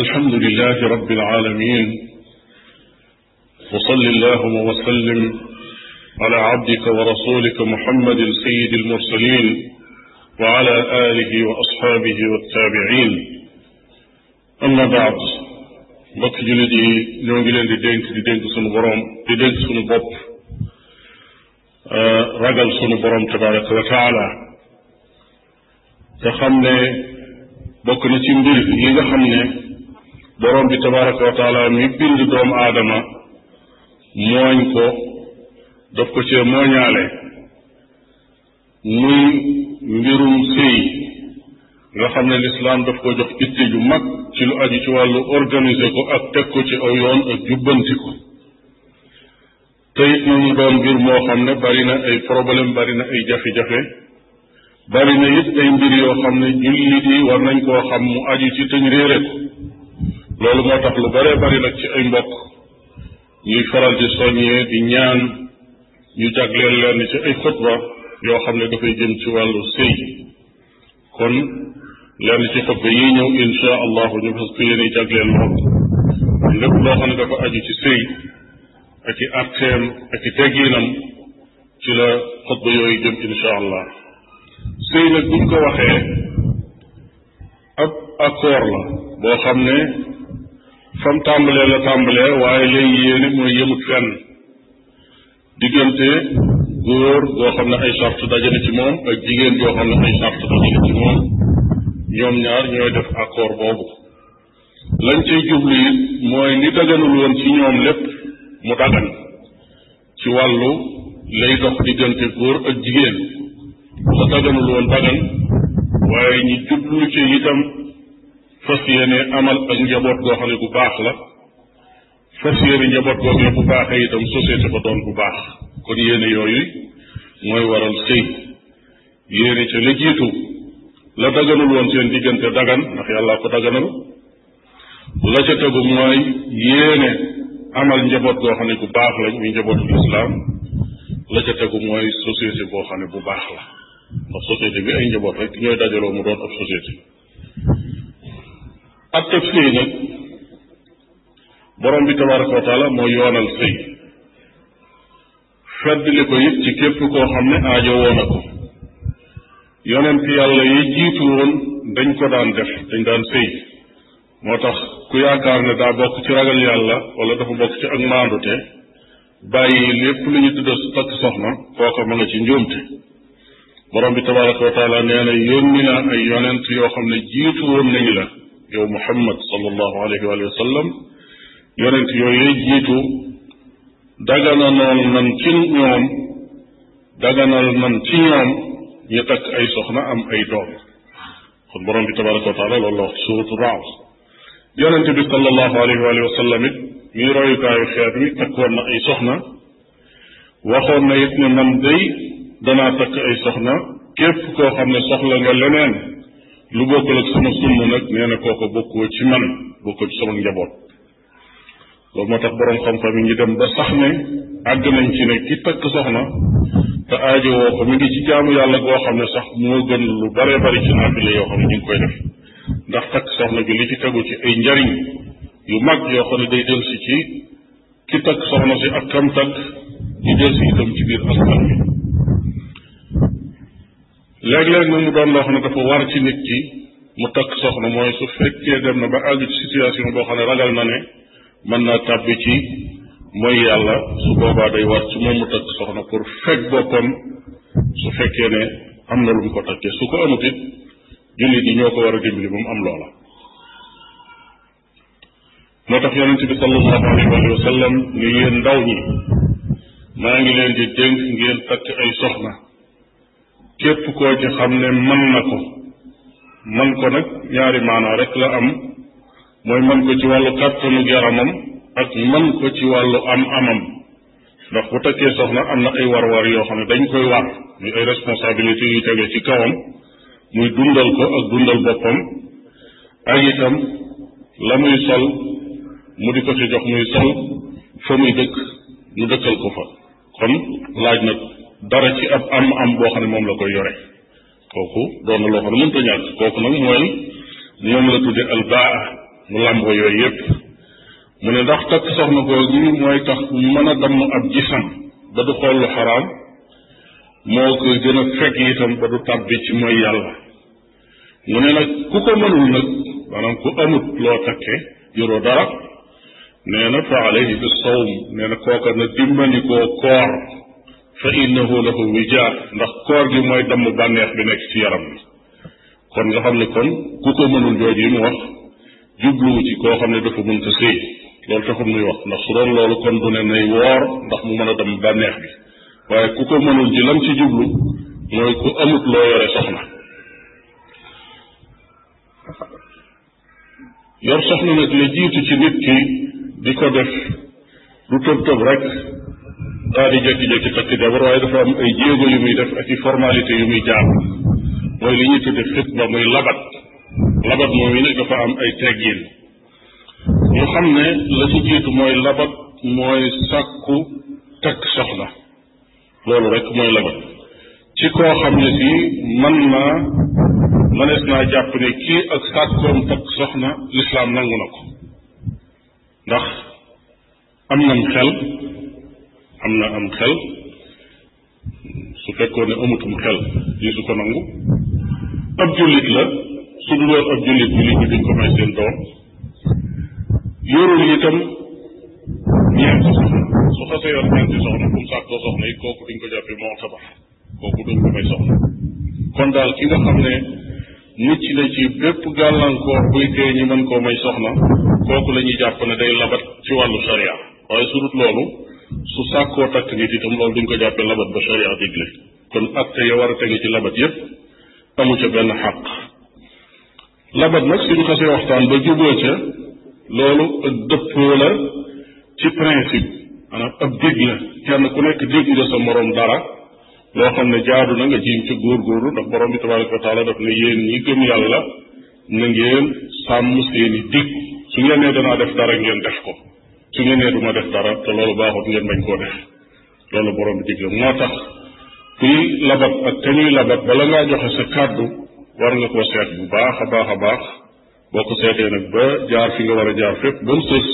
الحمد لله رب العالمين وصل اللهم وسلم على عبدك ورسولك محمد سيد المرسلين وعلى آله وأصحابه والتابعين أما بعد mbokk jullit yi ñoo ngi leen di dénk di dénk sunu boroom di dénk sunu bopp ragal sunu boroom tabaraka wa taala te xam ne bokk na ci mbir yi nga xam ne borom bi tabaraka wa mi bind doomu aadama mooñ ko daf ko cee mooñaale muy mbirum sëy nga xam ne lislaam daf ko jox itte yu mag ci lu aju ci wàllu organiser ko ak teg ko ci aw yoon ak jubbanti ko te it na mu doon mbir moo xam ne bari na ay problème bari ay jafe-jafe bari na ay mbir yoo xam ne jullit yi war nañ koo xam mu aju ci tëñ réere ko loolu moo tax lu bëree bëri nag ci ay mbokk ñuy faral di soññee di ñaan ñu jagleel leen ci ay xutba yoo xam ne dafay jëm ci wàllu sëy kon lenn ci xutba yi ñëw insha allahu ñu fas ko yéene jagleel loolu lépp loo xam ne dafa aju ci sii ak i arteem ak i tegginam ci la xutba yi jëm insha allah sëy nag buñ ko waxee ab accord la boo xam ne fam tàmbalee la tàmbalee waaye léegi yéene mooy yëmut fenn diggante góor goo xam ne ay sart dajale ci moom ak jigéen joo xam ne ay sart dajale ci moom ñoom ñaar ñooy def accord boobu lañ cay jublu it mooy li daganul woon ci ñoom lépp mu dagan ci wàllu lay dox diggante góor ak jigéen la daganul woon dagan waaye ñi jublu ci itam fas yéene amal ak njaboot goo xam ne bu baax la fas yéene njaboot goo xam ne bu baaxee itam société ba doon bu baax kon yéene yooyu mooy waral sëy yéene ca la jiitu la daganul seen diggante dagan ndax yàllaa ko daganal la ca tegu mooy yéene amal njaboot goo xam ne bu baax lañ muy njabootu lislaam la ca tegu mooy société boo xam ne bu baax la ndax société bi ay njaboot rek ñooy dajaloo mu doon ab société atteb sëy nag borom bi tabaraka taala moo yoonal sëy feddli ko it ci képp koo xam ne aajo woo na ko yonent yàlla yi jiitu woon dañ ko daan def dañ daan sëy moo tax ku yaakaar ne daa bokk ci ragal yàlla wala dafa bokk ci ak maandute bàyyi lépp lu ñu tudda takk soxna kooka ma nga ci njuumte borom bi tabaraka wa taala nee yónni naa ay yonent yoo xam ne jiitu woon nañ la yow muhammad sallallahu alayhi wa sallam yonent yooyu yëy jiitu dagananoon nan ci ñoom takk ay soxna am ay doom kon borom bi tabaraka wa taala la wax suuratu raas yonent bi sallallahu takkoon ay soxna waxoon na it ne man day danaa takk ay soxna képp koo xam ne soxla nga lu bokkul ak sama sunna nag nee na kooko bokkoo ci man bokkoo ci sama njaboot loolu moo tax boroom xam-xam yi ngi dem ba sax ne àgg nañ ci ne ki takk soxna te aajo woo ko xam ne sax moo gën lu bare bari ci naafile yoo xam ne ñu ngi koy def ndax takk soxna bi li ci tegu ci ay njariñ yu mag yoo xam ne day del si ci ki takk soxna si ak kam takk di del si itam ci biir askan bi léeg-léeg nag mu doon loo xam ne dafa war ci nit ki mu takk soxna mooy su fekkee dem na ba àgg ci boo xam ne ragal na ne mën naa tàbbi ci mooy yàlla su boobaa day war ci moom mu takk soxna pour fekk boppam su fekkee ne am na lu mu ko takkee su ko amut it jullit yi ñoo ko war a dimbali ba am loola moo tax yonent bi sallallahu alayhi wa ni yéen ndaw ñi maa ngi leen di dénk ngeen takk ay soxna képp koo ci xam ne man na ko man ko nag ñaari maanaa rek la am mooy man ko ci wàllu kàttanu yaramam ak man ko ci wàllu am amam ndax bu takkee soxna am na ay war-war yoo xam ne dañ koy war muy ay responsabilité yu tege ci kawam muy dundal ko ak dundal boppam ak itam la muy sol mu di ko ci jox muy sol fa muy dëkk mu dëkkal ko fa kon laaj na dara ci ab am am boo xam ne moom la koy yore kooku doon na loo xam ne mënta ñàkk kooku nag mooy ñoom la tudde albaa mu làmboo yooyu yépp mu ne ndax takk soxna googu mooy tax mën a damm ab gisam ba du xool lu xaraam moo ko gën a fekk itam ba du tàbbi ci mooy yàlla mu ne nag ku ko mënul nag maanaam ku amut loo takke yoroo dara nee na fa alayhi bi sawm nee na kooka na dimbandikoo koor fa innahu lahu wijaar ndax koor gi mooy damm bànneex bi nekk ci yaram bi kon nga xam ne kon ku ko mënul jooju yi mu wax jubluwu ci koo xam ne dafa mënta sëy loolu taxul muy wax ndax su doon loolu kon du ne nay woor ndax mu mën a damm bànneex bi waaye ku ko mënul ji lam ci jublu mooy ku amut loo yore soxna yor soxna nag la jiitu ci nit ki di ko def du tëb tëb rek daal di jékki-jékki jabar waaye dafa am ay jéego yu muy def ak i formalité yu muy jaar mooy li ñuy tudde xitba muy labat labat moom yi nag dafa am ay teggiin ñu xam ne la ci jiitu mooy labat mooy sàkku takk soxna loolu rek mooy labat ci koo xam ne si man naa mënees naa jàpp ne kii ak sàkkoom takk soxna lislaam nangu na ko ndax am nam xel am na am xel su fekkoon ne amutum xel lii ko nangu ab jullit la su dul woon ab jullit jullit ñi duñ ko may seen doom yorul itam ñeenti soxna su xasee yor ñeenti soxna fu mu sàkkoo soxna ko jàppee moo kon daal ki nga xam ne nit ci la ci bépp gàllankoor buy tee ñi koo may soxna kooku la ñuy jàpp na day labat ci wàllu sharia waaye su dul loolu su sàkkoo takk nit itam loolu duñ ko jàppe labat ba sharia digle kon atte ya war a tege ci labat yépp amu ca benn xàq labat nag suñu xasee waxtaan ba juboo ca loolu ak dëppoo la ci principe maanaam ab dégg la kenn ku nekk dégg nga sa moroom dara loo xam ne jaadu na nga jiim ci góorgóorlu ndax borom bi tabaraka wa taala daf ne yéen ñi gëm yàlla na ngeen sàmm seeni dégg su ngeen nee danaa def dara ngeen def ko suñu nee du ma def dara te loolu baaxut ngeen bañ koo def loolu borom bi digle moo tax kuy labat ak te ñuy labat bala ngaa joxe sa kàddu war nga koo seet bu baax a baax a baax boo ko seetee nag ba jaar fi nga war a jaar fépp ba mu sës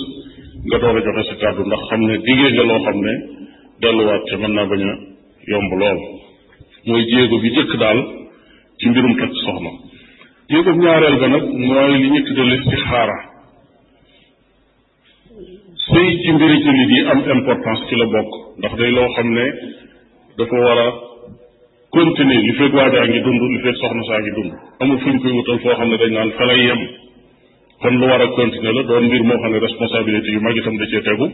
nga door a joxe sa kàddu ndax xam ne diggee nga loo xam ne delluwaat ca mën naa bañ a yomb lool mooy jéego bi jëkk daal ci mbirum takk soxna jéego ñaareel ba nag mooy li ñu tudde listixaara sëy ci mbiri jullit yi am importance ci la bokk ndax day loo xam ne dafa war a continuer li fekk waajaa ngi dund li fekk soxna saa ngi dund amul fu ñu koy wutal foo xam ne dañ naan fa lay yem kon lu war a continuer la doon mbir moo xam ne responsabilité yu mag yi tam cee tegu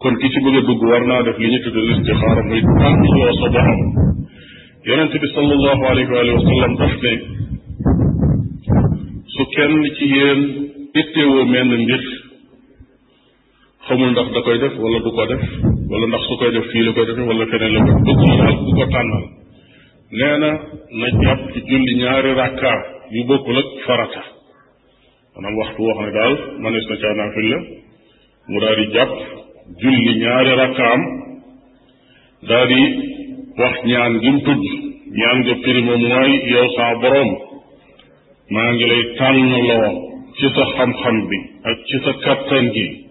kon ki ci bëgg a dugg war naa def li ñu tudd listixaara muy tànnloo sa borom yonente bi sallallahu alayhi wa daf ne su kenn ci yéen ittewoo menn mbir xamul ndax da koy def wala du ko def wala ndax su koy def fii la koy defee wala feneen la koy bëgg daal ku ko tànnal nee na jàpp julli ñaari rakka yu bokkul ak farata waxtu woo xam ne daal manees na caa la mu daal di jàpp julli ñaari rakkaam daal di wax ñaan gi mu ñaan nga firi yow saa boroom maa ngi lay tànnaloo ci sa xam-xam bi ak ci sa kattan gi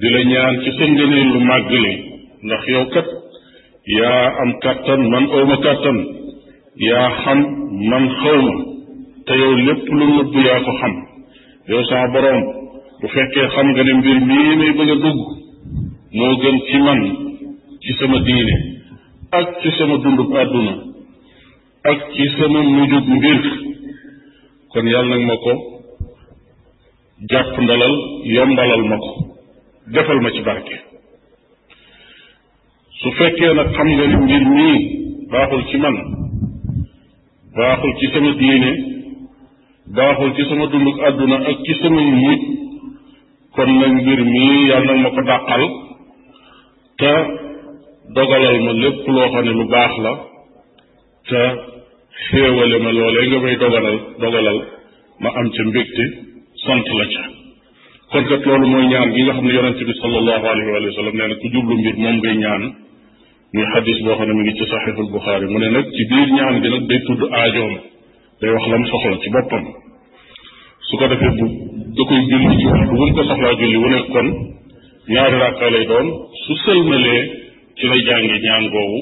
di la ñaan ci sa ngëneel lu màgg li ndax yow kat yaa am kàttan man awma kàttan yaa xam man xawma te yow lépp lu nëbb yaa ko xam yow saa boroom bu fekkee xam nga ne mbir mii may bëgg a dugg moo gën ci man ci sama diine ak ci sama dundub àdduna ak ci sama mujjub mbir kon yàlla nag ma ko jàpp ndalal yombalal ma ko defal ma ci barke su fekkee nag xam nga ni mbir mii baaxul ci man baaxul ci sama diine baaxul ci sama dunduk àdduna ak ci sama mujj kon nag mbir mii yàlla nag ma ko dàqal te dogalal ma lépp loo xam ne lu baax la te xéewale ma loolee nga may dogalal dogalal ma am ca mbégte sant la ca kon kat loolu mooy ñaan gi nga xam ne yonente bi sallallahu alayhi wa sallam nee na ku jublu mbir moom ngay ñaan muy xadis boo xam ne mi ngi ci saxiixul buxaari mu ne nag ci biir ñaan gi nag day tudd aajoom day wax lam soxla ci boppam su ko defee bu da koy julli ci waxtu bu mu ko soxlaa julli wu nekk kon ñaari ràkka lay doon su sëlmalee ci lay jàngi ñaan googu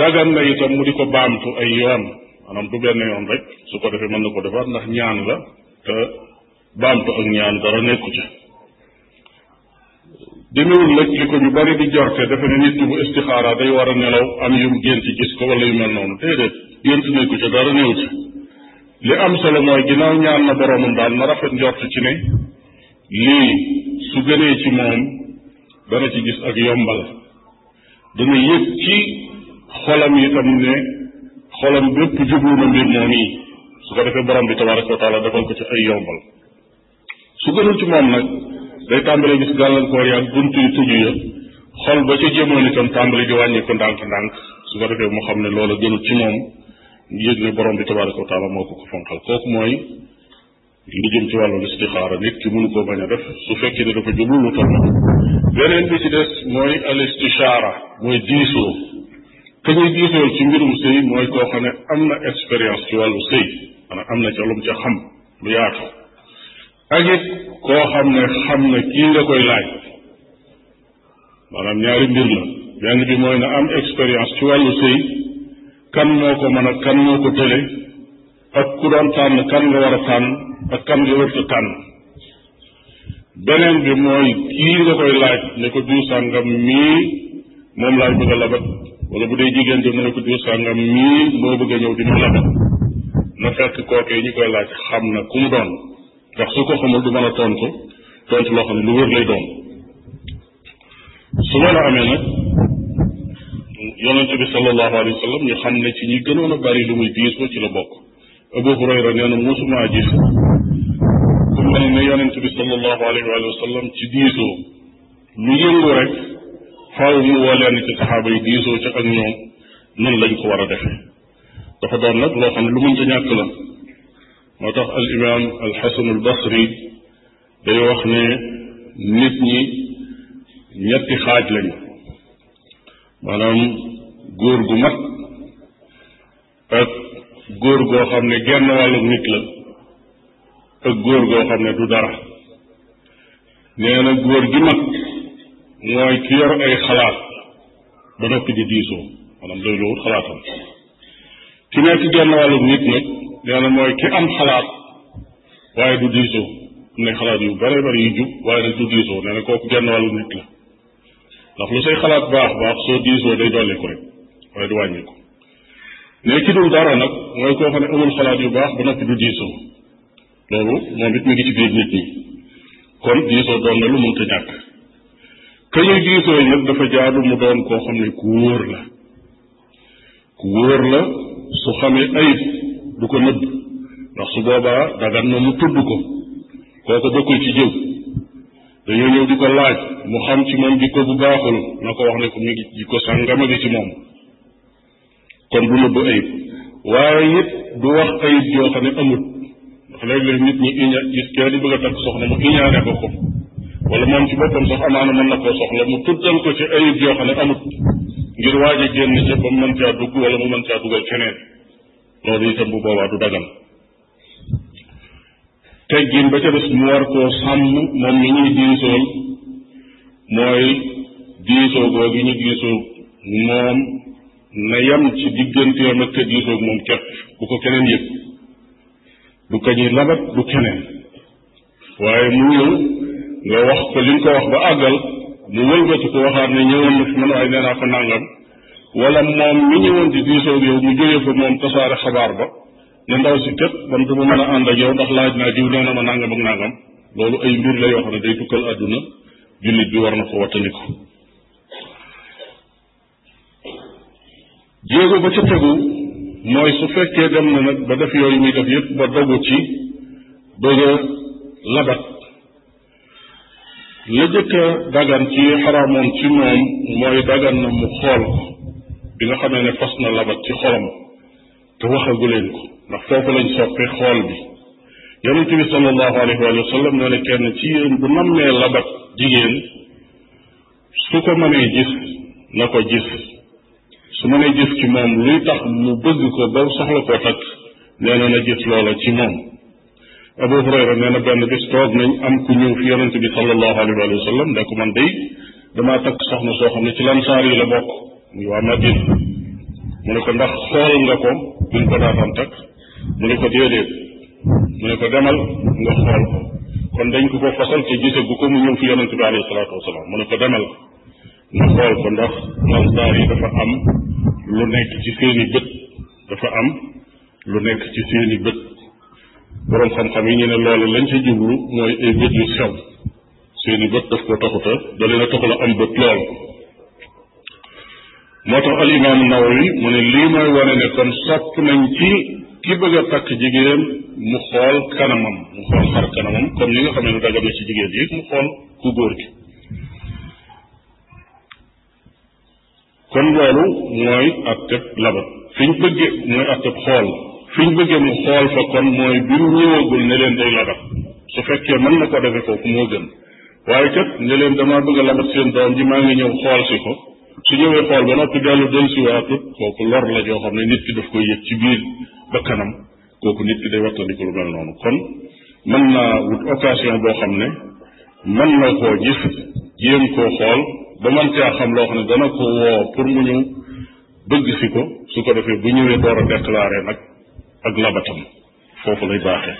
dagan na itam mu di ko baamtu ay yoon maanaam du benn yoon rek su ko defee mën na ko defaat ndax ñaan la baamtu ak ñaan dara nekku ca demewul nag li ko ñu bari di jorte dafa ne nit bu istixaara day war a nelaw am yu mu gént gis ko wala yu mel noonu déedéet gént nekku ca li am solo mooy ginnaaw ñaan na boroomam rafet njort ci ne lii su gënee ci moom dana ci gis ak yombal dana yëg ci xolam itam ne xolam bépp jublu na mbir moom yi su ko defee borom bi tabaraka wa taala defal ko ci ay yombal su gënul ci moom nag day tàmbale gis gàllankoor ya ak bunt yu tëju ya xol ba ca jëmoon itam tàmbale di wàññiku ndànk-ndànk su ko defee mu xam ne loola gënul ci moom yëg ne borom bi tabaraka wa moo ko ko fonqal kooku mooy li jëm ci wàllu istixaara nit ki mënu koo bañ a def su fekkee ne dafa jublu lu toll beneen bi ci des mooy al istichaara mooy diisoo te ñuy diisoo ci mbirum sëy mooy koo xam ne am na expérience ci wàllu sëy maanaam am na ca lum ca xam lu yaatu ak it koo xam ne xam na kii nga koy laaj maanaam ñaari mbir la benn bi mooy na am expérience ci wàllu sëy kan moo ko mën a kan moo ko tële ak ku doon tànn kan nga war a tànn ak kan nga wërta tànn beneen bi mooy kii nga koy laaj ne ko diw sàngam mii moom laay bëgg a labat wala bu dee jigéen di ko diw sàngam mii moo bëgg a ñëw di mu labat na fekk kooke ñu koy laaj xam na ku mu doon ndax su ko xamul du mën a tontu tontu loo xam ne lu wér lay doon su loolu amee nag yonente bi sallallahu alayhi wa sallam ñu xam ne ci ñi gënoon a bari lu muy diisoo ci la bokk Abu Hurayra nee na mosumaa gis ku mel ne yonente bi sallallahu alayhi wa sallam ci diisoo lu yëngu rek faaw mu woo leen ci saxaaba yi diisoo ci ak ñoom nan lañ ko war a defee dafa doon nag loo xam ne lu muñ ca ñàkk la moo tax al imaam al xasan al basri day wax ne nit ñi ñetti xaaj lañu maanaam góor gu mag ak góor goo xam ne genn wàllu nit la ak góor goo xam ne du dara nee na góor gi mag mooy ki yor ay xalaat ba noppi di diisoo maanaam doy loowut xalaatam ki nekk genn wàllu nit nag nee na mooy ki am xalaat waaye du diisoo am na xalaat yu bare bari yu jub waaye nag du diisoo nee na kooku genn wàllu nit la ndax lu say xalaat baax baax soo diisoo day dolli ko rek waaye du wàññi ko dul dara nag mooy koo xam ne amul xalaat yu baax ba noppi du diisoo loolu moom it mi ngi ci biir nit ñi kon diisoo doon na lu mënta ñàkk ka ñuy diisoo yëpp dafa jaadu mu doon koo xam ne ku wóor la ku wóor la su xamee ayib du ko nëbb ndax su boobaa dagan na mu tudd ko kooku bokkul ci jëw dañoo ñëw di ko laaj mu xam ci moom ko bu baaxul na ko wax ne ko mi ngi jikko sàngama gi ci moom kon du nëbb ayib du wax ayib joo xam ne amut ndax léeg-léeg nit ñi iña gis kee di bëgg a takk soxna mu iñaane ko ko wala moom ci boppam sax amaana mën na koo soxla mu tuddal ko ci ayib joo xam ne amut ngir waaj a génn ca ba mu mën caa dugg wala mu mën caa dugal keneen loolu itam bu boobaa du dagan teggin ba ca des mu war koo sàmm moom mi ñuy diisool mooy diisoo googu ñu diisoo moom na yem ci digganteem ak ka diisoog moom képp bu ko keneen yëg du ko labat du keneen waaye mu ñëw nga wax ko li nga ko wax ba àggal mu wëlbati ko waxaat ne ñëwoon na fi man waaye nee naa ko nàngam wala moom mi ñëwoon di diisoo yow mu jógee fa moom tasaare xabaar ba ne ndaw si kët man du ma mën a ànd ak yow ndax laaj naa diw nee na ma nangam ak loolu ay mbir la yoo xam ne day tukkal àdduna jullit bi war na ko jéego ba ca tegu mooy su fekkee dem na nag ba def yooyu muy def yëpp ba dogu ci bëgg a labat la jëkk dagan ci xaraamoon ci moom mooy dagan na mu xool ko bi nga xamee ne fas na labat ci xolam te waxagu leen ko ndax foofu lañ soppe xool bi yonente bi sallallahu alayhi wa sallam nee na ci yéen bu nammee labat jigéen su ko mënee gis na ko gis su mënee gis ci moom luy tax mu bëgg ko ba soxla koo takk nee na na gis loola ci moom Abu Hurayra nee na benn bis toog nañ am ku ñëw fi yonente bi sallallahu alayhi wa sallam ne ko man day damaa takk soxna soo xam ne ci lansaar yi la bokk muy waa mu ne ko ndax xool nga ko buñ ko daataan takk mu ne ko déedéet mu ne ko demal nga xool ko kon dañ ko ko fasal te gise bu ko mu ñëw fi yonente bi alayhi salaatu wasalaam mu ne ko demal nga xool ko ndax ansar yi dafa am lu nekk ci seeni bët dafa am lu nekk ci seeni bët boroom xam-xam yi ñu ne loolu lañ ci jublu mooy ay bët yu xew seeni bët daf ko taxuta da leen a taxula am bët lool moo tax al imaamu nawawi mu ne lii mooy wane ne kon sopp nañ ci ki bëgg a takk jigéen mu xool kanamam mu xool xar kanamam comme ni nga xam ne dagan na ci jigéen yi mu xool ku góor gi kon loolu mooy atteb labat fi ñu bëggee mooy atteb xool fi ñu bëggee mu xool fa kon mooy bi mu ñëwagul ne leen day labat su fekkee mën na ko defee foofu moo gën waaye kat ne leen damaa bëgg a labat seen doom ji maa ngi ñëw xool si ko su ñëwee xool ba noppi dellu dellu siwaat it kooku lor la joo xam ne nit ki daf koy yëg ci biir kanam kooku nit ki day wattandiku lu mel noonu kon mën naa wut occasion boo xam ne mën na koo gis jéem koo xool ba mën caa xam loo xam ne dana ko woo pour mu ñëw bëgg si ko su ko defee bu ñëwee door a déclaré nag ak labatam foofu lay baaxe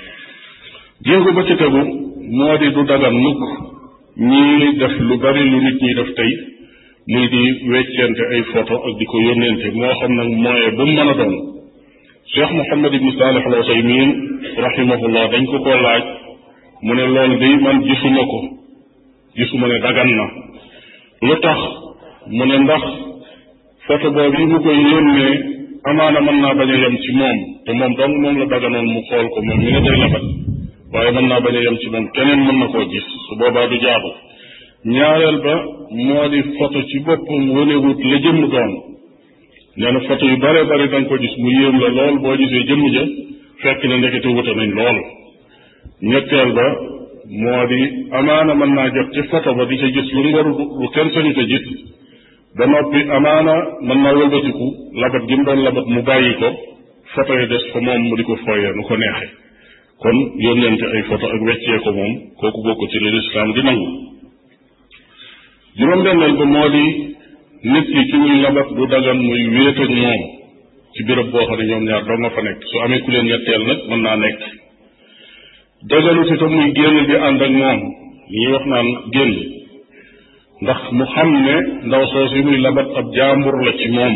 jéego ba ci tegu moo di du dagan mukk ñii def lu bari lu nit ñi def tey muy di weccente ay photo ak di ko yónnente moo xam nag moyen bu mu mën a doon cheikh mohamad ibni saalih al usaymin rahimahullah dañ ko ko laaj mu ne loolu day man gisuma ko gisuma ne dagan na lu tax mu ne ndax photo boobu yi mu koy yónnee amaana mën naa bañ a yem ci moom te moom dong la daganoon mu xool ko moom mi ne day waaye mën naa bañ a yem ci moom keneen mën na koo gis su boobaa du jaadu ñaareel ba moo di photo ci boppam wanewut la jëmm doon nee na photo yu bare bare da nga ko gis mu yéem la lool boo gisee jëmm ja fekk na ndekete wuta nañ lool ñetteel ba moo di amaana mën naa jot ci photo ba di ca gis lu ngor lu kenn sañu te gis ba noppi amaana mën naa wëlbatiku labat gi mu doon mu bàyyi ko photo yi des fa moom mu di ko fooyee nu ko neexee kon yónnente ay photo ak weccee ko moom kooku ko ci li lislaam di nangu juróom-benneel ba moo di nit ki ci muy labat du dagan muy wéet ak moom ci béréb boo xam ne ñoom ñaar doo nga fa nekk su amee ku leen ñetteel nag mën naa nekk dagalu ci tam muy génn di ànd ak moom mu xam ne ndaw soos yi la ci moom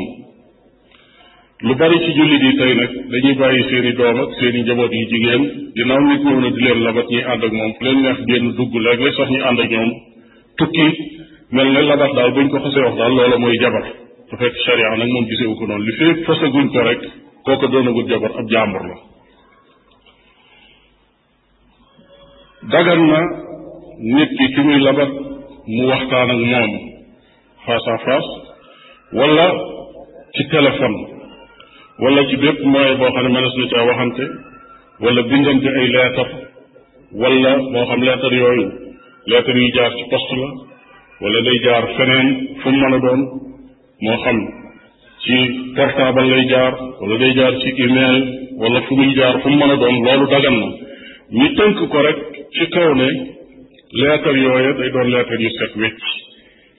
lu bari ci jullit yi tey nag dañuy bàyyi seen doom ak seen i njaboot yu jigéen ginnaaw nit ñëw na di leen labat ñuy ànd ak moom fu leen neex génn dugg léeg-léeg sax ñu ànd ak ñoom tukki mel ne labat daal buñ ko xasee wax daal loola mooy jabar te fekk charia nag ko noonu li fee ko rek kooku doonagul jabar ab jàmbur la dagan na nit ki ki muy labat mu waxtaan ak moom face à face wala ci téléphone wala ci bépp moyen boo xam ne mënees na caa waxante wala bindante ay leetar wala moo xam leetar yooyu leetar yu jaar ci poste la wala day jaar feneen fu mu mën a doon moo xam ne ci portable lay jaar wala day jaar ci email wala fu muy jaar fu mu mën a doon loolu dagan na ñu tënk ko rek ci kaw ne leetar yooya day doon leetar yu set wecc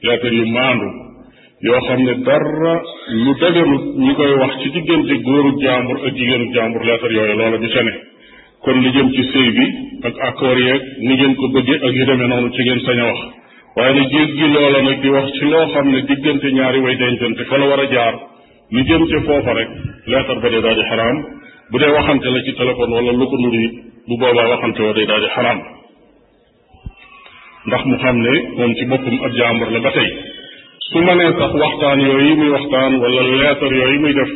leetar yu maandu yoo xam ne dara lu daganut ñu koy wax ci diggante góoru jaambur ak jigéenu jaambur leetar yooya loola du ca ne kon li jëm ci sëy bi ak accord yeeg ni ngeen ko bëggee ak yu demee noonu ci ngeen sañ wax waaye na jéggi loola nag di wax ci loo xam ne diggante ñaari way dencante fa war a jaar lu jëm ca foofa rek leetar ba day daal di bu dee waxante la ci téléphone wala lu ko nuru it bu boobaa waxante wa day daal di ndax mu xam ne moom ci boppam ab jàmbur la ba tey su ma nee sax waxtaan yooyu muy waxtaan wala leetar yooyu muy def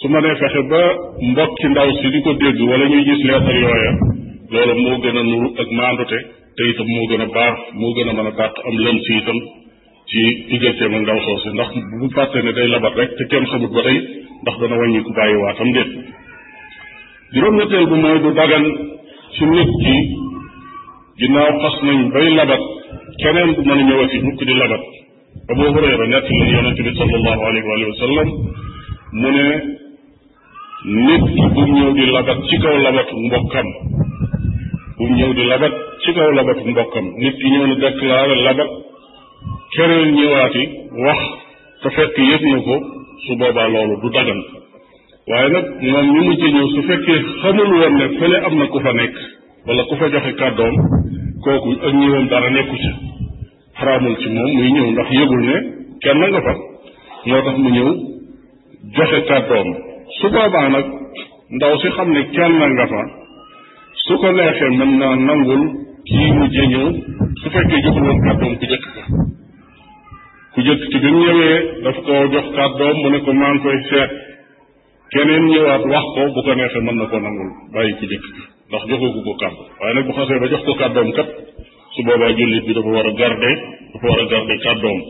su ma nee fexe ba mbokki ndaw si di ko dégg wala ñuy gis leetar yooya loolu moo gën a nuru ak maandute te itam moo gën a baax moo gën a mën a dàq am lëm si itam ci digganteem ak ndaw soosu ndax bu fàttee ne day labat rek te kenn xamut ba tey ndax dana wàññi ku bàyyi waatam déet juróom-ñetteel bu mooy du dagan ci nit ki ginnaaw xas nañ bay labat keneen bu ma a ñëwati mukk di labat Abu Hurayra nett la yonent bi sallallahu alayhi wa sallam mu ne nit ki bu ñëw di labat ci kaw labatu mbokkam bu mu ñëw di labat ci kaw labatu mbokkam nit ki ñëw na déclaré labat keneen ñëwaati wax te fekk yëg na ko su boobaa loolu du dagan waaye nag moom ñu mujj ñëw su fekkee xamul woon ne fële am na ku fa nekk wala ku fa joxe kàddoom kooku ak ñëwam dara nekku ci xaraamul ci moom muy ñëw ndax yëgul ne kenn nga fa moo tax mu ñëw joxe kàddoom su boobaa nag ndaw si xam ne kenn nga fa su ko neexee mën naa nangul kii mujjee ñëw su fekkee joxul kàddoom ku jëkk ku jëkk ki bi mu ñëwee daf ko jox kàddoom mu ne ko maa koy seet keneen ñëwaat wax ko bu ko neexee mën na koo nangul bàyyi ku jëkk ndax joxooku ko waaye nag bu xasee ba jox ko kàddoom kat su boobaa jullit bi dafa war a garder dafa war a garder kàddoom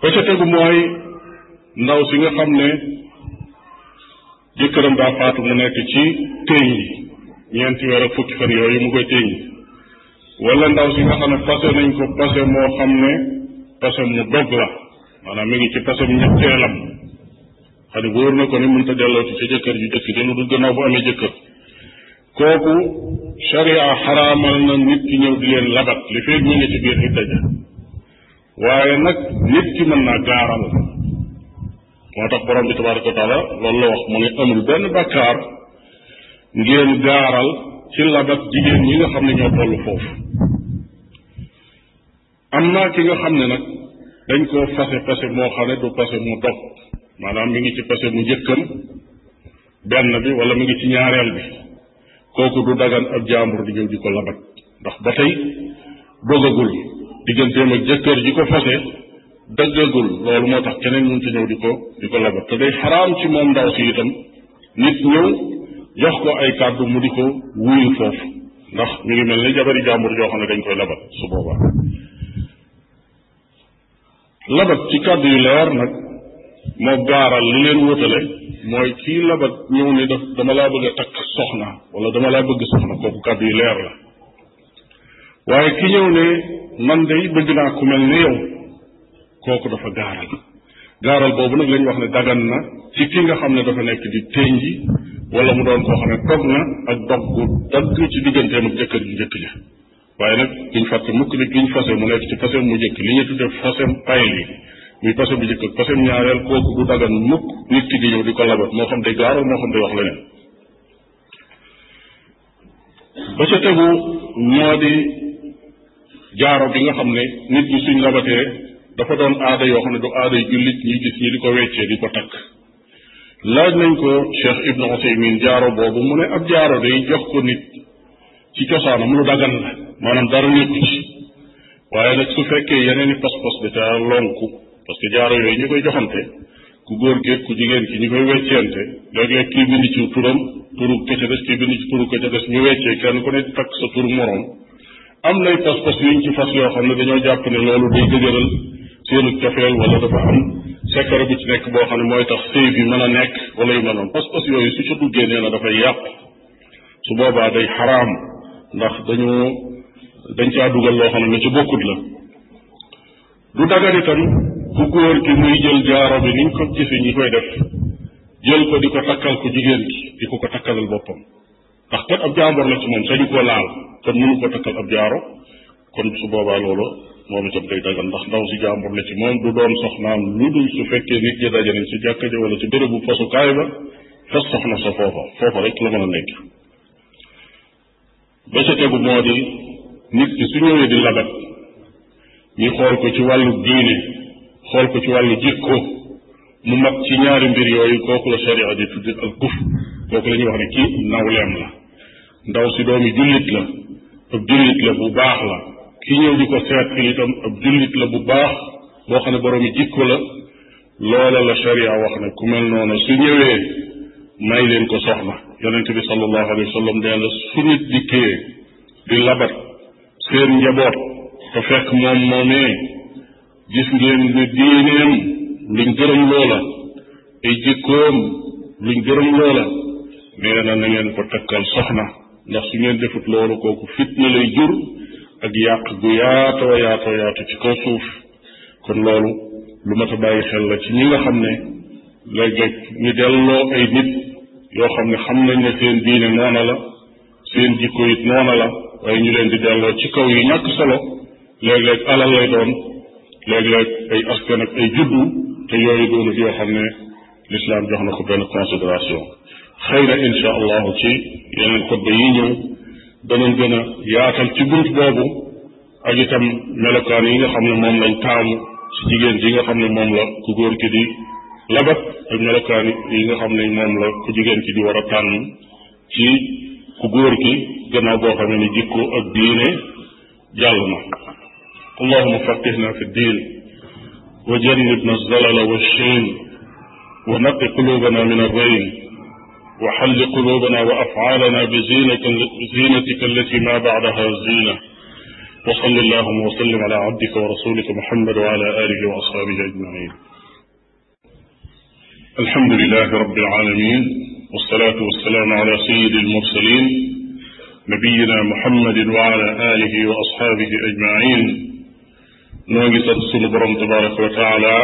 ba ca tegu mooy ndaw si nga xam ne jëkkëram daa faatu mu nekk ci téeñ yi ñeenti weer ak fukki fan yooyu mu koy téeñ wala ndaw si nga xam ne passé nañ ko passé moo xam ne passé mu dog la a mi ngi ci passé mu ñetteelam xam ne wóor na ko ni mun mënta dellooti ci jëkkër ju jëkk ji lu dul gannaaw bu amee jëkkër kooku sharia xaraamal na nit ki ñëw di leen labat li feeg ñu ne ci biir idda ja waaye nag nit ki mën naa gaaral moo tax borom bi tabaraka wa taala loolu la wax mu ne amul benn bakkaar ngeen gaaral ci labat jigéen ñi nga xam ne ñoo toll foofu am na ki nga xam ne nag dañ koo fase pase moo xam ne du pase mu dog maanaam mi ngi ci pase mu njëkkam benn bi wala mu ngi ci ñaareel bi kooku du dagan ab jaambur di ñëw di ko labat ndax ba tey dogagul digganteem ak jëkkër ji ko fase daggagul loolu moo tax keneen mun ci ñëw di ko di ko labat te day xaraam ci moom ndaw si itam nit ñëw jox ko ay kàddu mu di ko wuyu foofu ndax ñu ngi mel ni jabari jàmbur joo xam ne dañ koy labat su boobaa labat ci kàddu yu leer nag moo gaaral li leen wutale mooy kii labat ñëw ne daf dama laa bëgg a takk soxna wala dama laa bëgg soxna kooku kàddu yu leer la waaye ki ñëw ne man day bëgg naa ku mel ni yow kooku dafa gaaral gaaral boobu nag lañ wax ne dagan na ci ki nga xam ne dafa nekk di ténji wala mu doon koo xam ne dog na ak dog gu dagg ci digganteem ak jëkkër ju njëkk ja waaye nag duñ fàtte mukk nit duñ fase mu nekk ci fasem mu njëkk li ñu tudde fasem payel yi muy fase bu njëkk ak fasem ñaareel kooku du dagan mukk nit ki di ñëw di ko labat moo xam day gaaral moo xam day wax leneen ba ca tegu moo di jaaro bi nga xam ne nit ñi suñ labatee dafa doon aada yoo xam ne du aada yu jullit ñuy gis ñi di ko weccee di ko takk laaj nañ ko cheikh ibnu usaymin jaaro boobu mu ne ab jaaro day jox ko nit ci cosaanam lu daggan la maanaam dara nekku ci waaye nag su fekkee yeneen i pas-pas da ca lonku parce jaaro yooyu ñu koy joxante ku góor géeg ku jigéen ki ñu koy wecceente léeg-léeg kii bind ci turam turu ka ca des kii bind ñu weccee kenn ku ne sa tur morom am nay pas-pas yuñ ci fas yoo xam ne dañoo jàpp ne loolu day dëgëral seenu cofeel wala dafa am secret bu ci nekk boo xam ne mooy tax sëy bi mën a nekk wala yu mel noonu pas-pas yooyu su ca duggee nee na dafay yàq su boobaa day xaraam ndax dañu dañ caa dugal loo xam ne ci bokkut la du dagan itam ku góor gi muy jël jaaro bi niñ ko gisee ñi koy def jël ko di ko takkal ko jigéen gi di ko ko takkalal boppam ndax kat ab jaambor la ci moom sañu ko laal kon mënu ko takkal ab jaaro kon su boobaa loolu moom itam day dagan ndax ndaw si jàmbur la ci moom du doon soxnaam lu dul su fekkee nit ñi daje nañ si jàkka ja wala ci bérébu kaay ba fas soxna sa foofa foofa rek la mën a nekk ba ca tegu moo di nit ki su ñëwee di labat ñi xool ko ci wàllu diine ko ci wàllu jikko mu mag ci ñaari mbir yooyu kooku la sharia di al kuf kooku la ñuy wax ne kii nawleem la ndaw si doomi jullit la ab jullit la bu baax la ki ñëw di ko seet si itam ab jullit la bu baax boo xam ne boroomi jikko la loola la sharia wax na ku mel noonu su ñëwee may leen ko soxna yonent bi sallallahu alayhi wa sallam nee su nit dikkee di labat seen njaboot te fekk moom moomee gis ngeen ne diineem luñ gërëm loola ay jikkoom luñ gërëm loola nee na na ngeen ko soxna ndax su ngeen defut loolu kooku fitna lay jur ak yàq gu yaatoo yaatoo yaatu ci kaw suuf kon loolu lu mat a bàyyi xel la ci ñi nga xam ne léeg-léeg ñu delloo ay nit yoo xam ne xam nañ ne seen diine noona la seen jikko it noona la waaye ñu leen di delloo ci kaw yu ñàkk solo léeg-léeg alal lay doon léeg-léeg ay askan ak ay juddu te yooyu doonut yoo xam ne lislaam jox na ko benn considération xëy na incha allahu ci yeneen xutba yi ñëw danañ gën a yaatal ci bunt boobu ak itam melokaan yi nga xam ne moom lañ taamu ci jigéen ji nga xam ne moom la ku góor ki di labat ak melokaan yi nga xam ne moom la ku jigéen ki di war a tànn ci ku góor ki gannaaw boo xamee ni jikko ak diine jàll na allahuma faqihna fi diin wa jannibna zalala wa shayn wa naqi qulubana min arrayn وحل قلوبنا وأفعالنا بزينتك التي ما بعدها زينة وصل اللهم وسلم على عبدك ورسولك محمد وعلى آله وأصحابه أجمعين الحمد لله رب العالمين والصلاة والسلام على سيد المرسلين نبينا محمد وعلى آله وأصحابه أجمعين noo ngi sant sunu borom tabaraka wa taala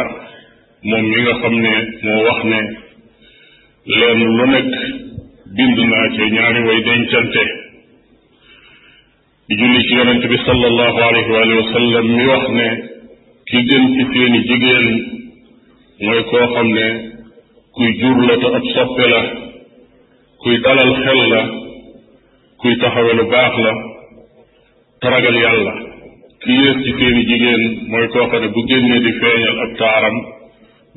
moom mi nga xam ne moo wax ne leen lu nekk bind naa ci ñaari way dencante di julli ci yonent bi sallallahu alayhi wa sallam mi wax ne ki gën ci seeni jigéen mooy koo xam ne kuy jur la te ab soppe la kuy dalal xel la kuy taxawe lu baax la te ragal yàlla ki yées ci seeni jigéen mooy koo xam ne bu génnee di feeñal ab taaram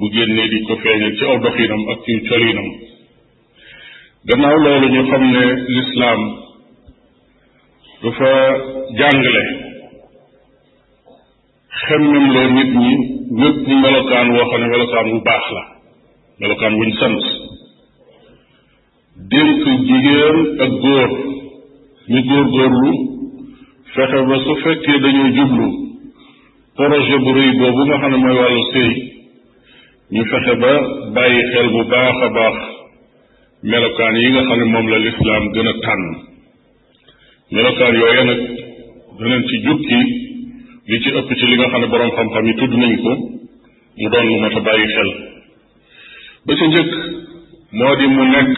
bu génnee di ko feeñal ci aw doxinam ak ci colinam gannaaw loolu ñu xam ne lislaam dafa jàngale xemmem loo nit ñi wépp melokaan woo xam ne melokaan bu baax la melokaan wuñ sant dénk jigéen ak góor ñu góorgóorlu fexe ba su fekkee dañoo jublu projet bu rëy boobu nga xam ne mooy wàllu sëy ñu fexe ba bàyyi xel bu baax a baax melokaan yi nga xam ne moom la lislaam gën a tànn melokaan yooya nag danañ ci jukki li ci ëpp ci li nga xam ne boroom xam-xam yi tudd nañ ko mu doon lu mat a bàyyi xel ba ca njëkk moo di mu nekk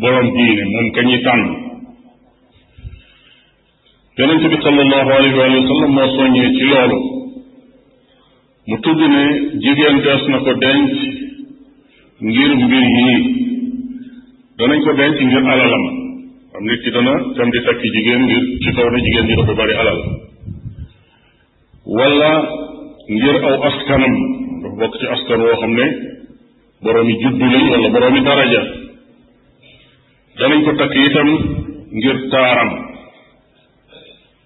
boroom diine moom ka ñuy tànn yonente bi sallallahu alayhi wa moo soññee ci loolu mu tudd ne jigéen des na ko denc ngir mbir yii danañ ko denc ngir alalam am nit ki dana tam di takki jigéen ngir ci kaw ne jigéen ji dafa bari alal wala ngir aw askanam dafa bokk ci askan woo xam ne boroomi juddu lañ wala boroomi daraja danañ ko takk itam ngir taaram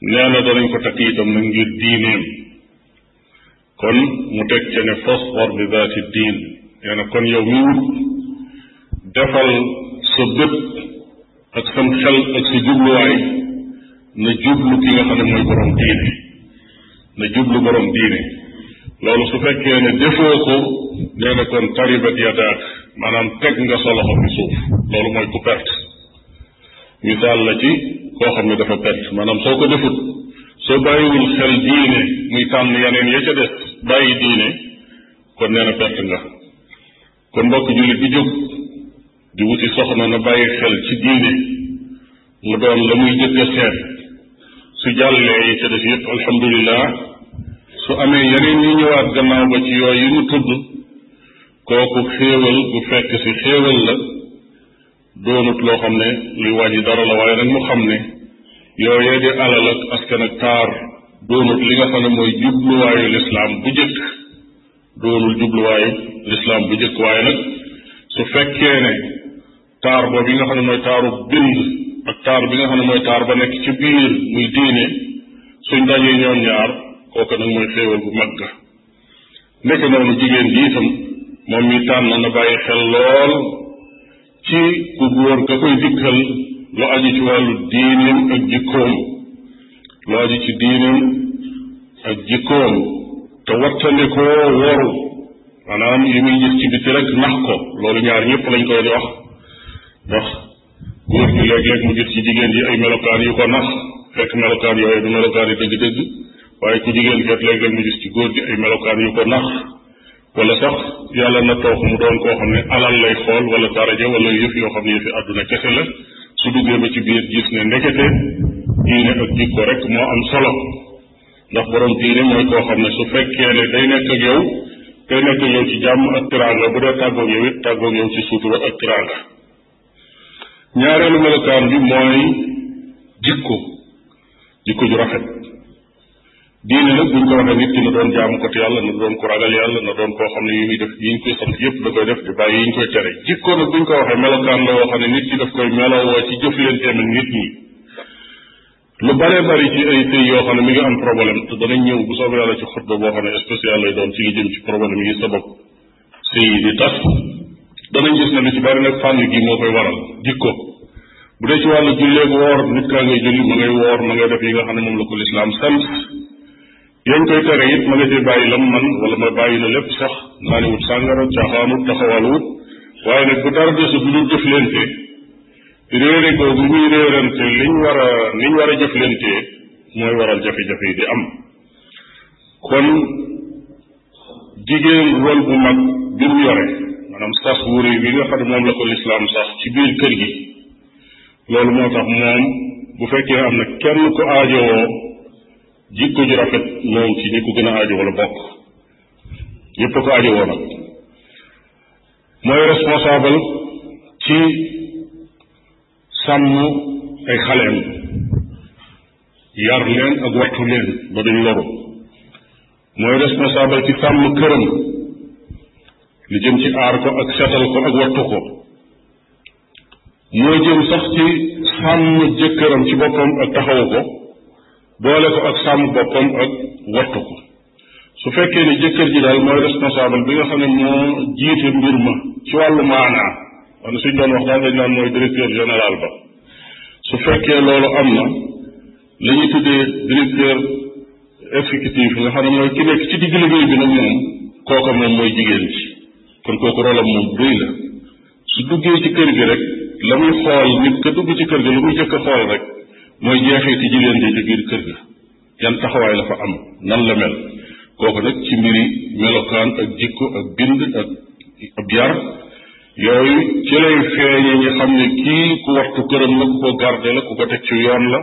nee na danañ ko takk itam nag ngir diineem kon mu teg ca ne fasfor bi daati na kon yow mi wut defal sa bët ak sam sa jubluwaay na jublu ki nga xam ne mooy borom diine na jublu borom diine loolu su fekkee ne defoo ko nee na kon taribat yadaak maanaam teg nga sa loxo fi suuf la ci koo xam ne dafa perte maanaam soo ko defut soo bàyyiwul xel diine muy tànn yeneen ya ca des bàyyi diine kon nee na nga kon mbokk jullit bi jóg di wuti soxna na bàyyi xel ci diine mu doon la muy jëkk a seet su jàllee yi ca def yëpp alhamdulilah su amee yeneen yu ñëwaat gannaaw ba ci yooyu yi mu tudd kooku xéewal bu fekk si xéewal la doonut loo xam ne luy yi dara la waaye nag mu xam ne yooyee di alal ak askan ak taar doonut li nga xam ne mooy jubluwaayu lislaam bu jëkk doonul jubluwaayu lislaam bu jëkk waaye nag su fekkee ne taar boobu yi nga xam ne mooy taaru bind ak taar bi nga xam ne mooy taar ba nekk ci biir muy diine suñ dajee ñoom ñaar kooku nag mooy xéewal bu mag ga nekk noonu jigéen ji itam moom mi tànn na bàyyi xel lool ci ku góor ka koy dikkal lu aju ci wàllu diineem ak jikkoom lu aju ci diinam ak jikkoom te wattandikoo woru maanaam yi muy gis ci biti rek nax ko loolu ñaar ñëpp lañ koy di wax ndax góor ñi léeg-léeg mu gis ci jigéen yi ay melokaan yu ko nax fekk melokaan du melokaan yi dëgg-dëgg waaye ci góor gi melokaan yu ko nax wala sax yàlla na toog mu doon koo xam ne alal lay xool wala daraja wala yëf yoo xam ne yëfi àdduna kese la su duggee ba ci biir gis ne ndekete diine ak jikko rek moo am solo ndax boroom diine mooy koo xam ne su fekkee ne day nekk ak yow day nekk yow ci jàmm ak tiraanga bu dee tàggoog yow it tàggoog yow ci sutura ak tiraanga ñaareelu melokaan bi mooy jikko jikko ju rafet diine nag buñ ko waxee nit ki na doon jaamu ko te yàlla na doon ko ragal yàlla na doon koo xam ne yi muy def yi ñu koy sant yëpp da koy def di bàyyi yi ñu koy tere jikko nag buñ ko waxee melokaan la woo ne nit ki daf koy melowoo nit ñi lu bare bari ci ay pays yoo xam ne mi ngi am problème te danañ ñëw bu soobee yàlla ci xutba ne ci ngi jëm ci problème yi sabab sëy yi di tas danañ gis ne lu ci bari nag fànn gi moo koy waral jikko bu dee ci wàllu julleeg woor nit kaa def yi xam ne moom la ko lislaam sant yañ koy tere it ma nga cee bàyyi lam man lépp sax naani wut sàngara caaxaanut taxawaalu wut waaye nag bu dara desu bu ñu réere googu ñuy réerante liñ war a niñ war a jëflantee mooy waral jafe-jafe yi di am kon jigéen rôle bu mag bi mu yore maanaam sax wuri bi nga xam moom la ko lislaam sax ci biir kër gi loolu moo tax moom bu fekkee am na kenn ko aajowoo jikko ju rafet moom ci ñi ko gën a aajowoo la bokk ñépp ko aajowoo nag mooy responsable ci sàmm ay xaleem yar leen ak wattu leen ba duñ loru mooy responsable ci sàmm këram li jëm ci aar ko ak setal ko ak wattu ko moo jëm sax ci sàmm jëkkëram ci boppam ak taxawu ko boole ko ak sàmm boppam ak wattu ko su fekkee ne jëkkër ji daal mooy responsable bi nga xam ne moo jiite mbir ci wàllu maanaa xam ne suñ doon wax daan dañ naan mooy directeur général ba su fekkee loolu am na li ñuy tuddee directeur exécutif nga xam ne mooy ki nekk ci digg liggéey bi nag moom kooka moom mooy jigéen ci kon kooku rolam moom duy la su duggee ci kër gi rek la muy xool nit ka dugg ci kër gi lu muy jëkk xool rek mooy jeexiti jigéen ji ci kër gi yan taxawaay la fa am nan la mel kooku nag ci mbiri melokaan ak jikko ak bind ak ab yar yooyu ci lay feeñe ñi xam ne kii ku waxtu këram la ku ko garde la ku ko teg ci yoon la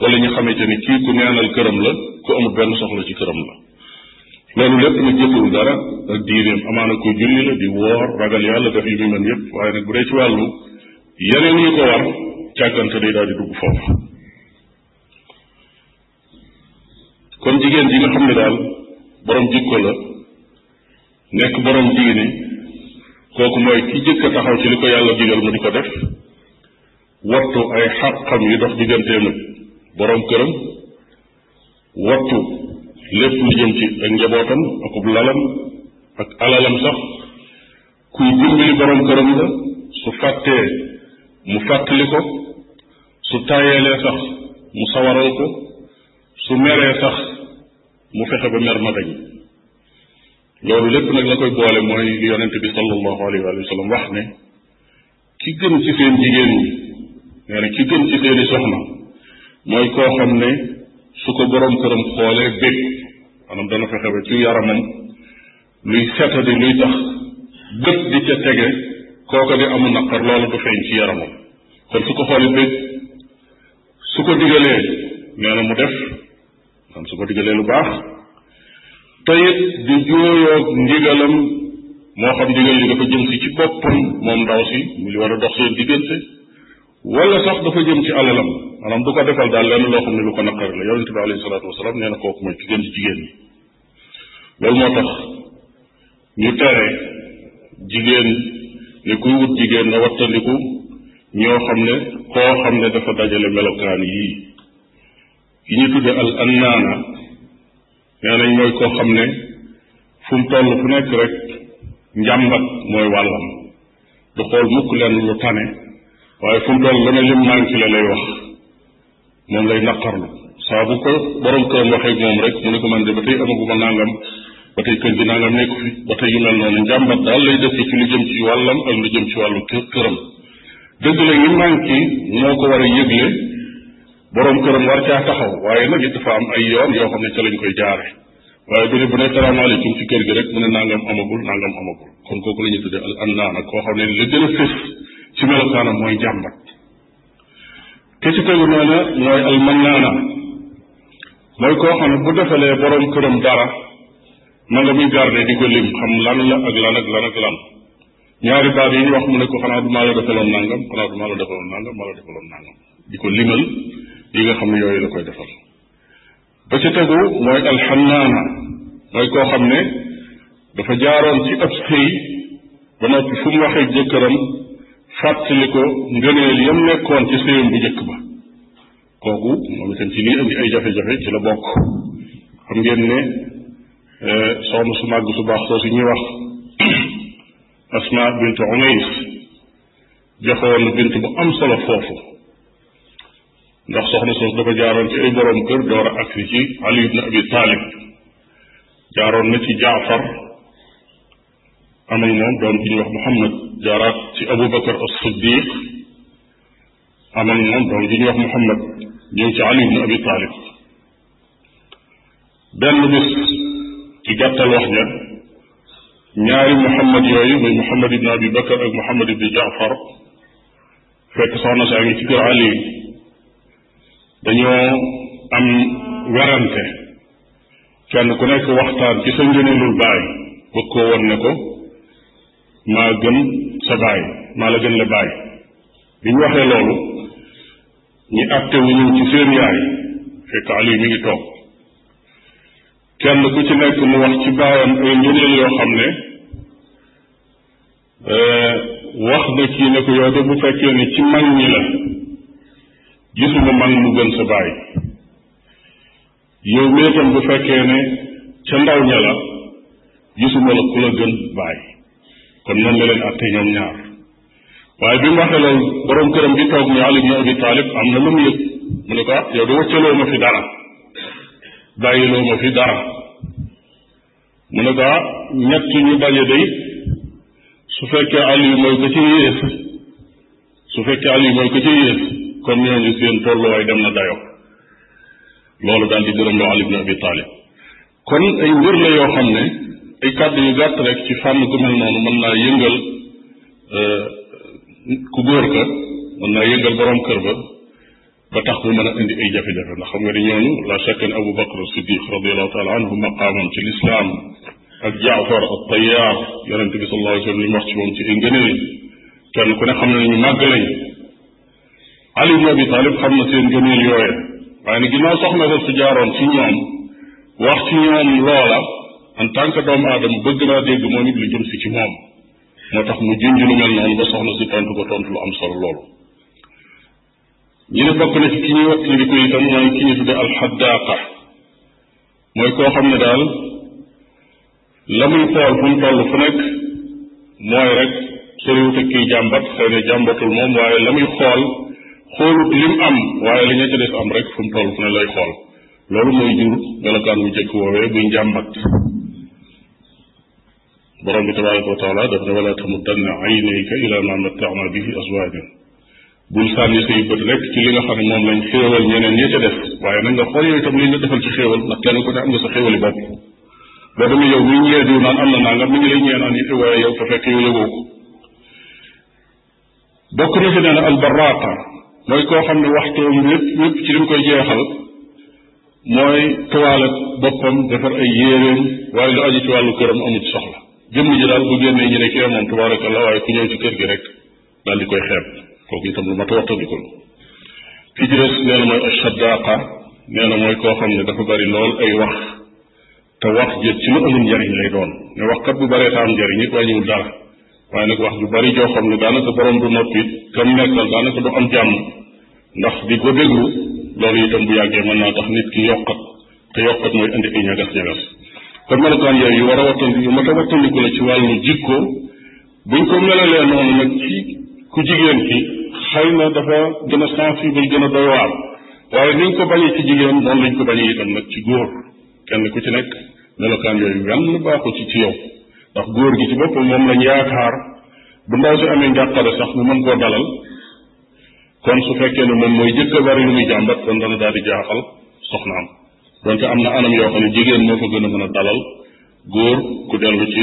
wala ñu xamante ne kii ku neenal këram la ku amul benn soxla ci këram la loolu lépp nag jëkkul dara ak diineem amaana ko julli la di woor ragal yàlla def yi muy mën yëpp waaye nag bu dee ci wàllu yeneen yi ko war càggante day daal di dugg foofu kon jigéen ji nga xam ne daal borom jikko la nekk borom diine kooku mooy ki jëkk a taxaw ci li ko yàlla digal mu di ko def wattu ay xàqam yi dox digganteem ak boroom këram wattu lépp lu jëm ci ak njabootam akub lalam ak alalam sax kuy dimbali boroom këram la su fàttee mu fàttali ko su taayeelee sax mu sawaral ko su meree sax mu fexe ba mer ma dañ loolu lépp nag la koy boole mooy li yonente bi sallallahu alayhi wa sallam wax ne ki gën ci seen jigéen ñi nee na ki gën ci seeni soxna mooy koo xam ne su ko boroom këram xoolee bég maanaam dana fexe ba ci yaramam luy setadi luy tax bët di ca tege kooko di amu naqar loola du feeñ ci yaramam kon su ko xoolee bég su ko digalee nee na mu def kon su ko digalee lu baax te it di jooyoog moo xam ndigal li dafa jëm si ci boppam moom ndaw si mu li war a dox seen diggante wala sax dafa jëm ci alalam maanaam du ko defal daal lenn loo xam ne lu ko naqari la yonente bi alayhi tax ñu tere jigéen ni kuy wut jigéen na wattandiku ñoo xam ne koo xam ne dafa dajale melokaan yii ki ñu tudde al annaana nee nañ mooy koo xam ne fu mu toll fu nekk rek njàmbat mooy wàllam du xool mukk leen lu tane waaye fu mu toll lu ne lim manqué la lay wax moom lay naqarlu saa bu ko borom këram waxee moom rek mu ne ko man de ba tey amaguma nangam ba tey kër gi nangam nekku fi ba tey yu mel noonu njàmbat daal lay def ci lu jëm ci wàllam ak lu jëm ci wàllu këram dëgg la li manqué moo ko war a yëgle boroom këram war caa taxaw waaye nag it dafa am ay yoon yoo xam ne ca lañ koy jaare waaye bu ne bu ne salaamaaleykum ci kër gi rek mu ne nangam amagul nangam amagul kon kooku la ñuy tuddee al an xam ne li gën a fës ci melokaanam mooy jàmbat ke ci tegu noona mooy al man naana mooy koo xam ne bu defalee boroom këram dara ma nga muy di ko lim xam lan la ak lan ak lan ak lan ñaari baat yi ñu wax mu ne ko xanaa du maa la defaloon nangam xanaa du maa la defaloon nangam di ko limal yi nga xam ne yooyu la koy defal ba ci tegu mooy alxannaana mooy koo xam ne dafa jaaroon ci ab xëy ba noppi fu mu waxee jëkkëram fàttali ko ngëneel yam nekkoon ci sëyam bu jëkk ba kooku moom itam ci lii indi ay jafe-jafe ci la bokk xam ngeen ne eh, soxna su màgg su baax soosu ñuy wax Asma bint Umays joxoon bint bu am solo foofu ndax soxna soos dafa jaaroon ci ay boroom kër door a agsi ci ali ibn abi taalib jaaroon na ci jaafar amay na doom bi muhammad jaaraat ci abu bakar as siddiq amay na doom bi ñuy wax muhammad ñëw ci ali ibn abi taalib benn bis ci gàttal wax ja ñaari muhammad yooyu muy muhammad ibn abi bakar ak muhammad ibn jaafar fekk soxna saa ali dañoo am werante kenn ku nekk waxtaan ci sa ngëneelul baay bëgg koo won ne ko maa gën sa baay maa la gën la baay bi ñu waxee loolu ñi àtte wu ñëw ci seen yaay fekk Ali mi ngi toog kenn ku ci nekk mu wax ci baayam ay ngëneel yoo xam ne eh, wax na kii ne ko yow de bu fekkee ne ci mag ñi la gisuma man mu gën sa bàyyi yow mi itam bu fekkee ne ca ndaw ña la gisuma la ku la gën bàyyi kon noonu la leen atte ñoom ñaar waaye bi mu waxee loolu këram bi toog ni Ali ibn Abi am na lu mu yëg mu ne ko ah yow de wëccaloo ma fi dara bàyyiloo ma fi dara mu ne ko ah ñett ñu daje day su fekkee Ali mooy ko ci yées su fekkee Ali mooy ko ci yées kon ñooñu seen tolluwaay dem na dayo loolu daal di gërëm loo Ali ibn Abi Talib kon ay mbir la yoo xam ne ay kàddu yu gàtt ci fànn ku mel noonu mën naa yëngal euh, ku góor ka mën naa yëngal borom kër ba tax mu mën a indi ay jafe-jafe na xam nga ni ñooñu la shakk ne Abu Bakr Siddiq radiallahu taala anhu maqaamam ci lislaam ak Jaafar ak Tayaar yonente bi sallallahu alayhi wa sallam li mu wax ci moom ci ay ngëneel kenn ku xam ne ñu màgg Ali ibn Abi Talib xam na seen gëneel yooya waaye ne ginnaaw soxna sa jaaroon ci ñoom wax ci ñoom loola en tant que doomu aadama bëgg naa dégg moom it lu jëm ci moom moo tax mu junj lu mel noonu ba soxna si tontu ko tontu lu am solo loolu ñu ne bokk na ci ki ñuy wattandiko itam mooy ki ñu tudde alxaddaaqa mooy koo xam ne daal la muy xool fu mu toll fu nekk mooy rek soriwut ak kiy jàmbat xëy na jàmbatul moom waaye la muy xool xoolut lim am waaye li nga des am rek fu mu toll fu ne lay xool loolu mooy jur melokaan bu njëkk woowee buy njàmbat borom bi tabaraka wa taala daf ne wala tamuddanna aynayka ila ma matta'na bihi azwaajan bul sànni say bët rek ci li nga xam moom lañ xéewal ñeneen ñi ca def waaye nag nga xool yooyu tam defal ci xéewal ndax kenn ku ne am sa xéewali bopp boo demee mi ngi lay ñee naan waaye yow te fekk yow yëgoo bokk na fi nee na mooy koo xam ne waxtoom lépp lépp ci li mu koy jeexal mooy tuwaalat boppam defar ay yéeréem waaye lu aju ci wàllu këram amu ci soxla jëmm ji daal bu génnee ñu ne kee moom tabaarakallah waaye ku ñëw ci kër gi rek daal di koy xeeb kooku itam lu mat a waxtandikul ki ci nee na mooy ashaddaqa nee na mooy koo xam ne dafa bari lool ay wax te wax jët ci lu amul njariñ lay doon ne wax kat bu baree ta am njariñ it wàññiwul dara waaye nag wax yu bari joo xam ne daanaka borom du noppi kam nekkal daanaka du am jàmm ndax di ko déglu loolu itam bu yàggee mën naa tax nit ki yokkat te yokkat mooy indi ay ñagas-ñagas kon melokaan yooyu yu war a wattandi yu mat a wattandiku la ci wàllum jikko buñ ko melalee noonu nag ci ku jigéen ki xëy na dafa gën a sensible gën a doy waar waaye niñ ko bañee ci jigéen noonu lañ ko bañee itam nag ci góor kenn ku ci nekk melokaan yooyu wenn baaxu ci ci yow ndax góor gi ci boppam moom lañ yaakaar bu ndaw si amee njàqare sax mu man koo dalal kon su fekkee ne moom mooy jëkk a bari lu muy jàmbat kon dana daal di jaaxal soxnaam donte am na anam yoo xam ne jigéen moo ko gën a mën a dalal góor ku dellu ci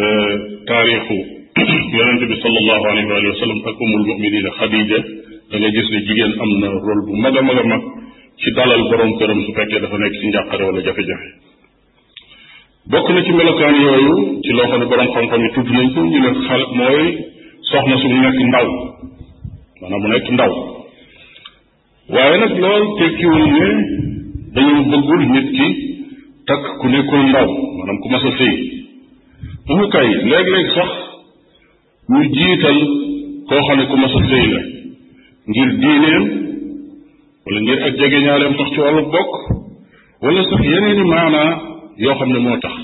euh, taarixu yonente bi sallallahu alayhi wa sallam ak umul muminina xadija da nga gis ne jigéen am na rôle bu mag a mag a mag ci dalal borom këram su fekkee dafa nekk ci njàqare wala jafe-jafe bokk na ci melokaan yooyu ci loo xam ne borom xam-xam yi tudd nañ ko ñu ne xal mooy soxna su mu nekk ndaw maanaam mu nekk ndaw waaye nag lool tekkiwul ne dañu bëggul nit ki takk ku nekkul ndaw maanaam ku mas a sëy mu kay léeg-léeg sax ñu jiital koo xam ne ku mas sëy la ngir diineem wala ngir ak jege ñaaleem sax ci wàllu bokk wala sax yeneeni maanaa yoo xam ne moo tax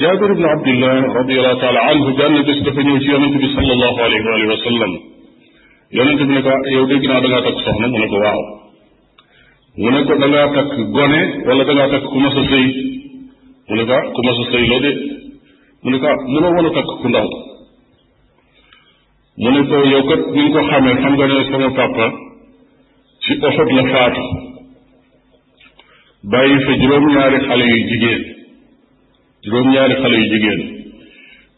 jaabir ibn abdillah radiallahu taala anhu benn bés dafa ñëw ci bi salallahu alayhi wa alihi wa sallam yonente bi yow dégg naa da mu ne waaw mu ne ko gone wala da ku mas a sëy mu ne ah, mu ne ko ah, ku ndaw mu ne ko yow kat ni ko xamee xam nga ne sama papa ci oxot la faatu bàyyi fa juróom-ñaari xale yu jigéen juróom-ñaari xale yu jigéen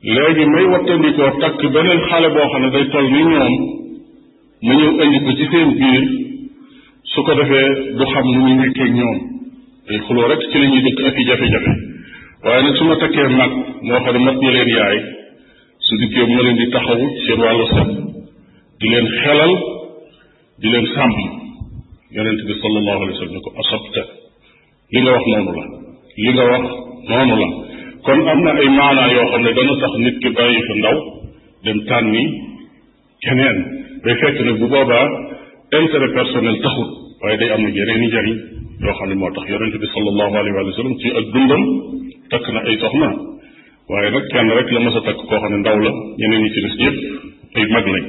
léegi may wattandikoo takk beneen xale boo xam ne day toll ni ñoom ma ñëw indi ko ci seen biir su ko defee du xam nu muy nekkee ñoom day xuloo rek ci la ñuy dëkk ak i jafe-jafe waaye nag su ma takkee mag moo xam ne mat na leen yaay su dikkee ma leen di taxawu seen di leen xelal di leen sàmm yonent bi sallallahu alayhi wa sallam ne ko asabta li nga wax noonu la kon am na ay maanaa yoo ne dana tax nit ki bàyyi fi ndaw dem tànni keneen fekk ne bu boobaa intérêt personnel taxut waaye day am na yeneen i njariñ yoo xam ne moo tax yonente bi sallallahu alayhi wa sallam ci ak dundam takk na ay soxna waaye nag kenn rek la mas a takk koo xam ne ndaw la ñeneen ñi ci des yëpp mag lañ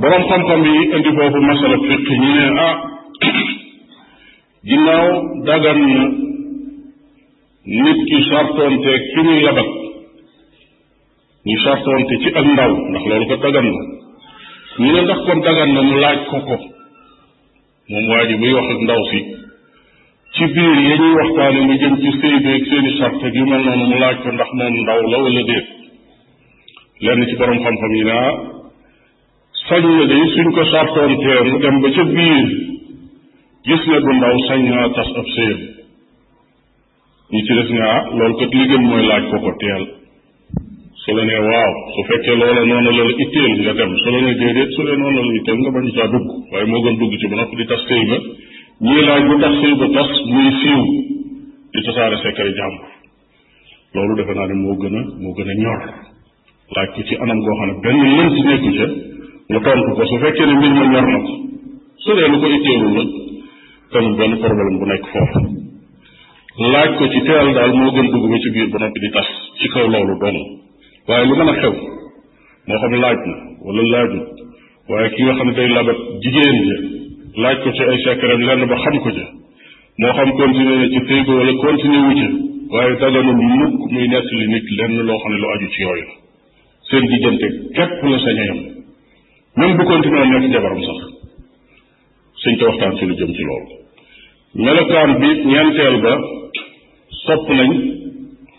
boroom xam-xam yi indi foofu masala fiq ñi ne ah, ginnaaw dagan na nit ki sartoonte ki muy yabat ñu sartoonte ci ak ndaw ndax loolu ko dagan na ñu ne ndax kon dagan na mu laaj ko ko moom waa ji buy wax ak ndaw si ci biir ya ñuy yi mu jëm ci sëy beeg seeni sart ak yu noonu mu laaj ko ndax moom ndaw la wala déet lenn ci borom xam-xam yi naa sañ na day suñ ko sartoontee mu dem ba ca biir gis ne bu ndaw sañ naa tas ab séyam ñi ci des ne loolu kat li gën mooy laaj ko ko teel su la nee waaw su fekkee loola noonu la la itteel nga dem su la nee déedéet su dee noonu la la nga bañ caa dugg waaye moo gën dugg ci ba noppi di tas sëy ba ñii laaj bu tax sëy ba tas muy siiw di tasaare sekkari jàmbur loolu defe naa ne moo gën a moo gën a ñor laaj ko ci anam goo xam ne benn lënt nekku ca nga tontu ko su fekkee ne mbir ma ñor na ko su dee amul benn problème bu nekk foofu laaj ko ci teel daal moo gën dugg ba ci biir ba noppi di tas ci kaw loolu doon waaye lu mën a xew moo xam laaj na wala laajut waaye ki nga xam ne day labat jigéen ja laaj ko ci ay sekkaram lenn ba xam ko ca moo xam continué na ci téy ko wala continué wu ca waaye daganul mukk muy nett li nit lenn loo xam ne lu aju ci yooyu seen diggante képp la sañ a yem bu continué nekk jabaram sax suñ ko waxtaan ci lu jëm ci loolu melokaan bi ñeenteel ba sopp nañ